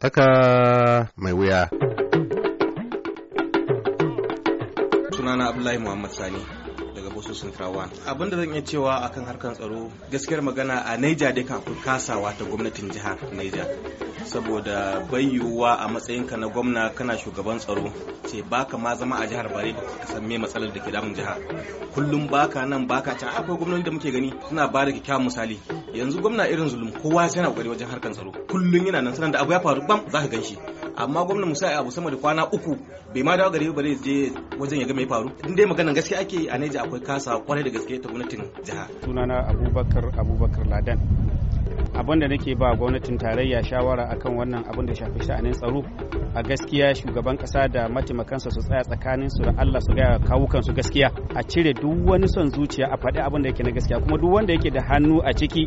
tsaka mai wuya. Sunana Abdullahi Muhammad Sani daga Boso trawa Abin da zan iya cewa akan harkar tsaro gaskiyar magana a naija dai kafin kasawa ta gwamnatin jihar naija saboda bai yiwuwa a ka na gwamna kana shugaban tsaro ce baka ma zama a jihar bare ka san me matsalar da ke damun jihar kullum baka nan baka can akwai gwamnati da muke gani suna ba da kyakkyawan misali yanzu gwamna irin zulum kowa yana kokari wajen harkan tsaro kullum yana nan sanan da abu ya faru bam zaka ganshi amma gwamna musa abu sama da kwana uku bai ma dawo gari ba zai je wajen ya ga mai faru in dai maganar gaskiya ake a Neja akwai kasa kwarai da gaske ta gwamnatin jiha sunana Abubakar Abubakar Ladan abin da nake ba gwamnatin tarayya shawara akan wannan abin da shafi sha'anin tsaro a gaskiya shugaban kasa da mataimakansa su tsaya tsakanin su da Allah su ga kawukan su gaskiya a cire duk wani son zuciya a faɗi abin da yake na gaskiya kuma duk wanda yake da hannu a ciki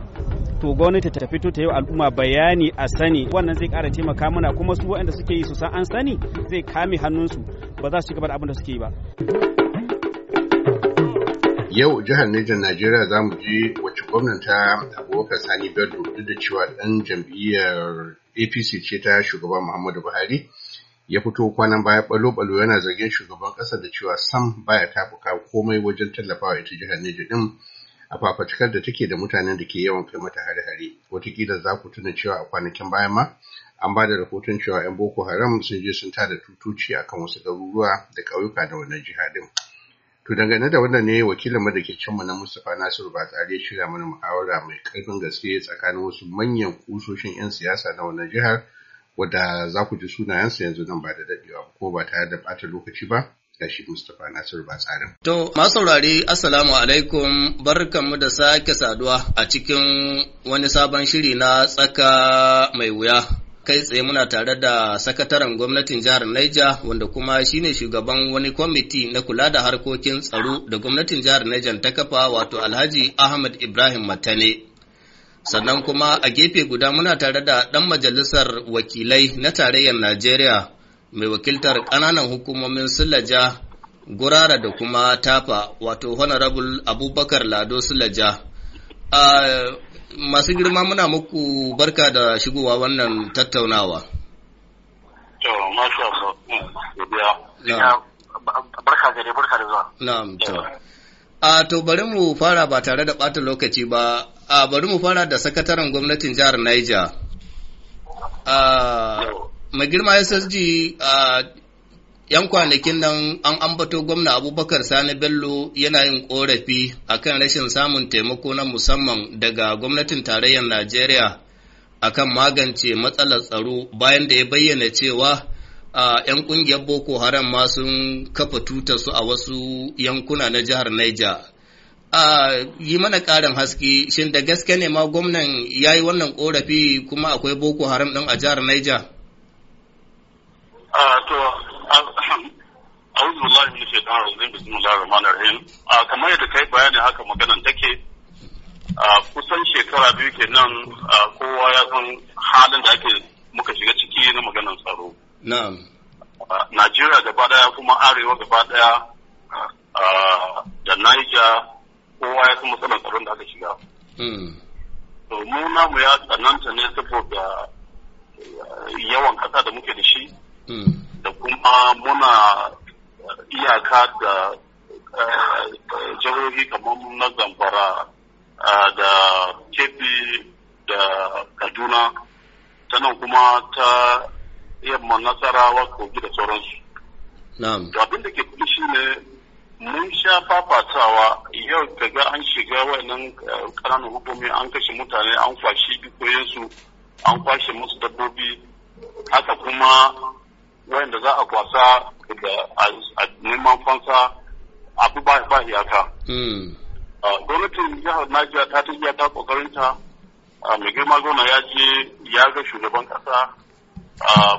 to gwamnati ta fito ta yi al'umma bayani a sani wannan zai ƙara taimaka mana kuma su waɗanda suke yi su san an sani zai kame hannunsu ba za su ci gaba da abin da suke yi ba. Yau jihar Nijar Najeriya za mu je gwamnan ta abubakar sani bello duk da cewa ɗan jam'iyyar apc ce ta shugaban muhammadu buhari ya fito kwanan baya balo-balo yana zargin shugaban ƙasa da cewa sam baya tafuka komai wajen tallafawa ita jihar Neja din a fafatikar da take da mutanen da ke yawan kai mata hare-hare watakila za ku tuna cewa a kwanakin baya ma an ba da rahoton cewa 'yan boko haram sun je sun tada tutoci akan wasu garuruwa da ƙauyuka da wannan jihar din. To dangane da wannan ne wakilin mu da ke na Mustapha Nasiru ba ya shirya mana muhawara mai karfin gaske tsakanin wasu manyan kusoshin 'yan siyasa na wannan jihar wadda za ku ji sunayensu yanzu nan ba da daɗewa ko ba tare da bata lokaci ba ga shi Mustapha Nasiru ba tsarin. To saurari Assalamu alaikum mu da sake saduwa a cikin wani sabon shiri na tsaka mai wuya. kai tsaye muna tare da sakataren gwamnatin jihar Niger wanda kuma shine shugaban wani kwamiti na kula da harkokin tsaro da gwamnatin jihar Niger ta kafa wato Alhaji Ahmad Ibrahim Matane. Sannan kuma a gefe guda muna tare da ɗan majalisar wakilai na tarayyar Najeriya mai wakiltar ƙananan hukumomin Sulaja, Gurara da kuma Tafa wato Honorable Abubakar Lado Sulaja. masu girma muna muku barka da shigowa wannan tattaunawa. To, Na'am, A to bari mu fara ba tare da ɓata lokaci ba, a bari mu fara da sakataren gwamnatin jihar Niger. A mai girma SSG a ‘Yan kwanakin nan an ambato gwamna Abubakar Sani Bello yana yin ƙorafi a kan rashin samun taimako na musamman daga gwamnatin tarayyar Najeriya a kan magance matsalar tsaro bayan da ya bayyana cewa ‘yan ƙungiyar Boko Haram ma sun kafa su a wasu yankuna na jihar Niger. Yi mana ƙarin haske, shin da gaske ne ma gwamnan ya yi wannan ƙorafi kuma akwai Boko Haram ɗin a jihar Niger? to auzu billahi min shaitan rajim ah, bayani haka ah, kusan shekara biyu kenan ah, kowa ya san halin da ake muka shiga ciki na maganan tsaro na'am Najeriya gaba daya kuma arewa gaba daya da Niger kowa ya san matsalar tsaron da aka shiga hmm. to mu namu ya tsananta ne saboda yawan kasa da muke da shi hmm. da kuma muna iyaka da eh, jihohi kamar na zamfara eh, da kebbi da kaduna tana kuma ta yamma nasarawa kogi da sauransu abin da ke kuma shi ne mun sha fafatawa yau ga an shiga wannan eh, ƙananan hukumi an kashe mutane an kwashi dukoyinsu an kwashe musu dabbobi haka kuma wayanda za a kwasa da neman fansa hmm. a ba ta. Gwamnatin jihar Najeriya ta ta iya ta kokarinta mai girma zona ya je ya ga shugaban kasa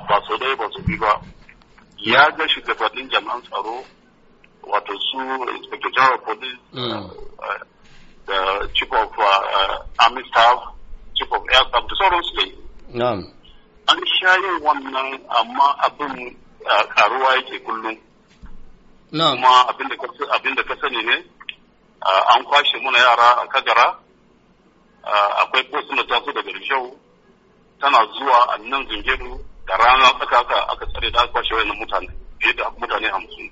ba su dai ba su bi ba. Ya ga shugabannin jami'an tsaro wato su inspector general police hmm. da chief of army staff chief of air staff da sauransu dai. an sha yin wannan amma abin karuwa yake kullum kuma abin da ka sani ne an kwashe muna yara a kagara akwai post na taso daga rishau tana zuwa a nan zungeru da rana tsaka aka tsare da aka kwashe wayannan mutane fiye da mutane hamsin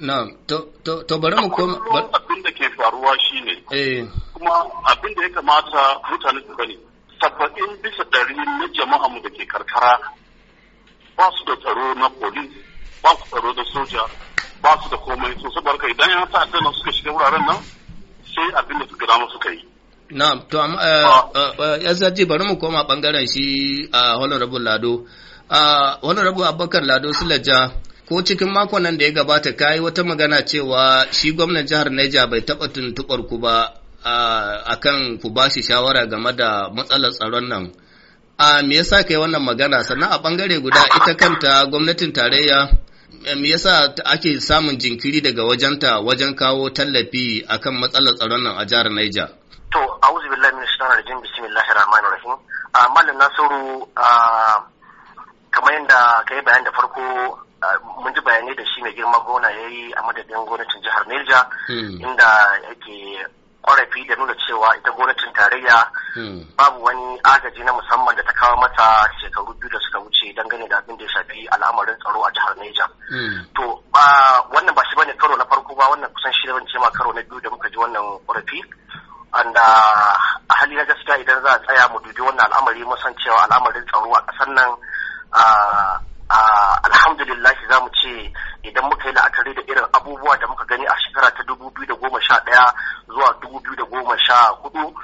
Na'am, to bari mu koma abin da ke faruwa shine. Eh. Kuma abin da ya kamata mutane su gani. saba'in bisa ɗari na jama'a mu da ke karkara ba su da tsaro na polis ba su tsaro da soja ba su da komai so saboda kai idan ya sa na suka shiga wuraren nan sai abin da suka dama suka yi na'am to amma eh, ah. eh, eh, zaji bari mu koma bangaren shi a ah, honorable Lado a ah, honorable Abubakar Lado Sulaja ko cikin makon nan da ya gabata kayi wata magana cewa shi gwamnan jihar Niger bai taɓa tuntuɓar ku ba a kan ku ba shi shawara game da matsalar tsaron nan. A me yasa kai wannan magana sannan a bangare guda ita kanta gwamnatin tarayya eh, me yasa ake samun jinkiri daga wajenta wajen kawo tallafi akan matsalar tsaron nan a jihar Niger? To, auzu billahi min shaitanir rajim bismillahir rahmanir rahim. Malam Nasiru kamar yadda ka yi bayan da farko mun ji bayanai da shi mai girma gona ya yi a madadin gwamnatin jihar Niger hmm. inda yake ƙorafi da nuna cewa ita gwamnatin tarayya hmm. babu wani agaji na musamman da ta kawo mata shekaru biyu da suka wuce dangane da abin da ya shafi al'amarin tsaro a jihar Neja. Hmm. To ba wannan ba shi bane karo na farko ba wannan kusan shi ne ma karo na biyu da muka ji wannan ƙorafi. Anda a hali na gaskiya idan za a tsaya mu dubi wannan al'amari mun san cewa al'amarin tsaro a ƙasar nan ah, ah, alhamdulillah za mu ce idan muka yi la'akari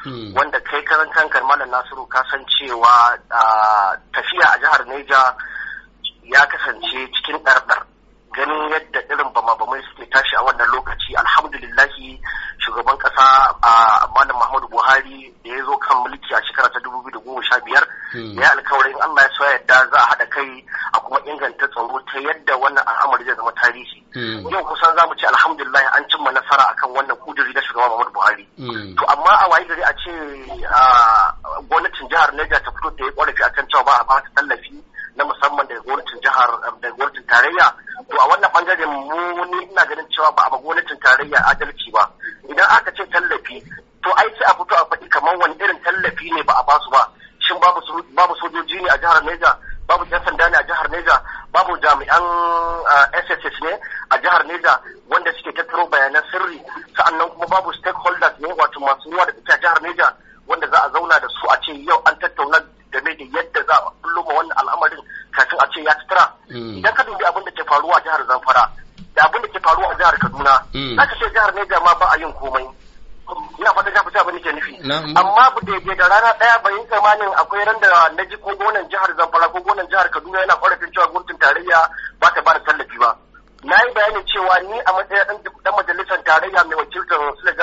Hmm. wanda kai karan kankan malam nasiru ka san cewa tafiya a jihar neja ya kasance cikin ɗarɗar ganin yadda irin bama-bamai suke tashi a wannan lokaci alhamdulillahi shugaban kasa a malam muhammadu buhari da ya zo kan mulki a shekara ta dubu biyu da goma sha biyar hmm. ya alkawarin allah ya so yadda za a haɗa kai a kuma inganta tsaro ta yadda wannan al'amari zai zama tarihi hmm. yau kusan za mu ce alhamdulillahi an cimma nasara akan wannan kudiri na shugaban muhammadu buhari mu ni ina ganin cewa ba a gwamnatin tarayya adalci ba idan aka ce tallafi to ai sai a fito a faɗi kamar wani irin tallafi ne ba a basu ba shin babu sojoji ne a jihar Neja babu yan sanda ne a jihar Neja babu jami'an SSS eh, ne a jihar Neja wanda suke tattaro bayanan sirri sa'annan kuma babu stakeholders ne wato masu ruwa da fita jihar Neja wanda za a zauna da su a ce yau an tattauna game da yadda za a kulluma wannan al'amarin kafin a ce ya tattara hmm. idan ka dubi abin da ke faruwa a jihar Zamfara Zaka hmm. ce jihar Neja ma ba a yin komai. Ina fata ka fita abin ke nufi. Amma bu daidai da rana ɗaya bai yi tsammanin akwai ran da na ji ko gonan jihar Zamfara ko gonan jihar Kaduna yana ƙorafin cewa gurbin tarayya ba ta ba da tallafi ba. Na yi bayanin cewa ni a matsayin ɗan majalisar tarayya mai wakiltar Sula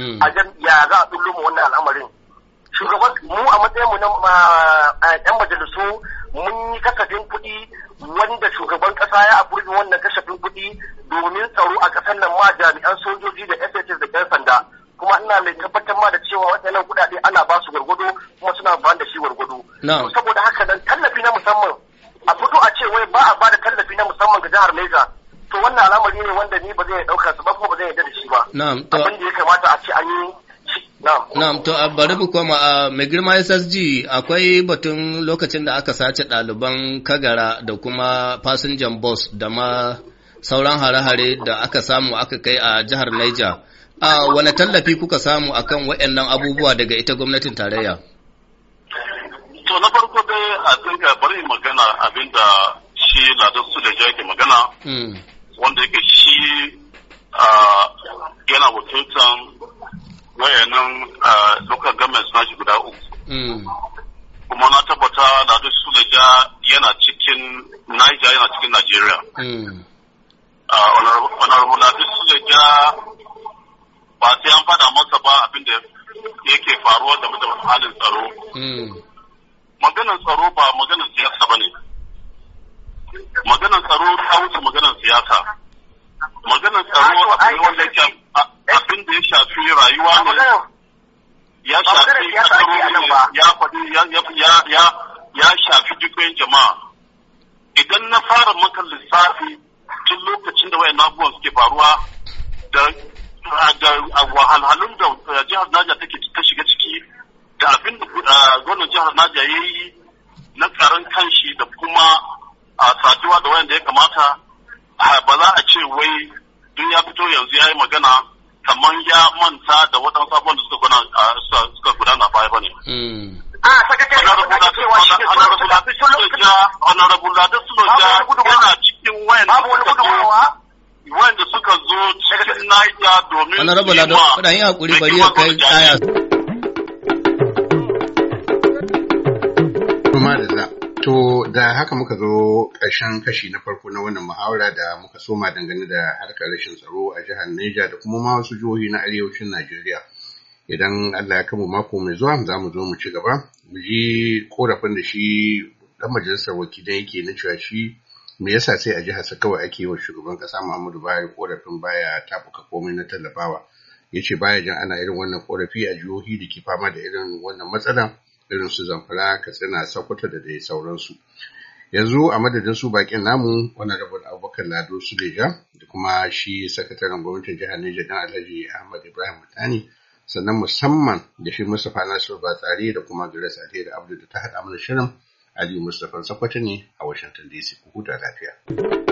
a ya za a ɗullo mu wannan al'amarin shugaban mu a matsayin matsayinmu na yan majalisu mun yi kasafin kuɗi wanda shugaban ƙasa ya aburbi wannan kasafin kuɗi domin tsaro a ƙasar nan ma jami'an sojoji da SHS da 'yan sanda kuma ina mai tabbatar ma da cewa waɗannan kuɗaɗe ana ba su gwargwado kuma suna ba da shi gwargwado. Saboda haka nan tallafi na musamman a fito a ce wai ba a ba da tallafi na musamman ga jihar Niger to wannan al'amari ne wanda ni ba zai ɗauka su ba kuma ba zai yarda da shi ba na'am to abin da ya kamata a ce an yi Na'am, to a bari mu koma a mai girma SSG akwai batun lokacin da aka sace ɗaliban kagara da kuma fasinjan bus da ma sauran hare-hare da aka samu aka kai a jihar Niger. A wane tallafi kuka samu akan waɗannan abubuwa daga ita gwamnatin tarayya? To na farko dai abin tsinka bari magana abin da shi su da ke magana. Hmm. wanda yake shi yana wakiltan wayannan local government na shi guda uku hmm. kuma na tabbata da duk ja yana cikin Niger yana cikin Nigeria hmm. honorable da duk ja ba sai an fada masa ba abin da yake faruwa da halin tsaro hmm. maganar tsaro ba maganar siyasa ba ne maganar tsaro ta wuce maganar siyasa maganar tsaro abinda ne wanda abin da ya shafi rayuwa ne ya shafi tsaro ya faɗi ya shafi jama'a idan na fara maka lissafi tun lokacin da wayan abubuwan suke faruwa da wahalhalun da eh, jihar Naja take ta shiga ciki da abin da eh, gwamnan jihar Naja ya yi kamata ba za a ce wai duk ya fito yanzu ya yi magana kamar ya manta da waɗansu abubuwan da suka gudana baya ba ne. Hmm. Honorable Lada Suloja yana cikin wayan da suka zo cikin Niger domin Honorable Lada, kudan yi haƙuri bari ya kai aya. To da haka muka zo ƙarshen kashi na farko na wannan muhawara da muka soma dangane da harkar rashin tsaro a jihar Niger da kuma ma wasu jihohi na arewacin Najeriya. Idan Allah ya kama mako mai zuwa za mu zo mu ci gaba mu ji korafin da shi ɗan majalisar wakilai yake na cewa shi me yasa sai a jihar kawai ake wa shugaban ƙasa? Muhammadu Buhari korafin baya tafuka komai na tallafawa yace baya jan ana irin wannan korafi a jihohi da ke fama da irin wannan matsalan irin su Zamfara, Katsina, Sokoto da dai sauransu. yanzu a madadin su bakin namu honorable abubakar lado suleja da kuma shi sakataren gwamnatin jihar niger dan alhaji ahmad ibrahim mutani sannan musamman da shi mustapha nasiru batsari da kuma grace da Abdul da ta haɗa mana shirin Aliyu mustapha sakwato ne a washington dc ku huta lafiya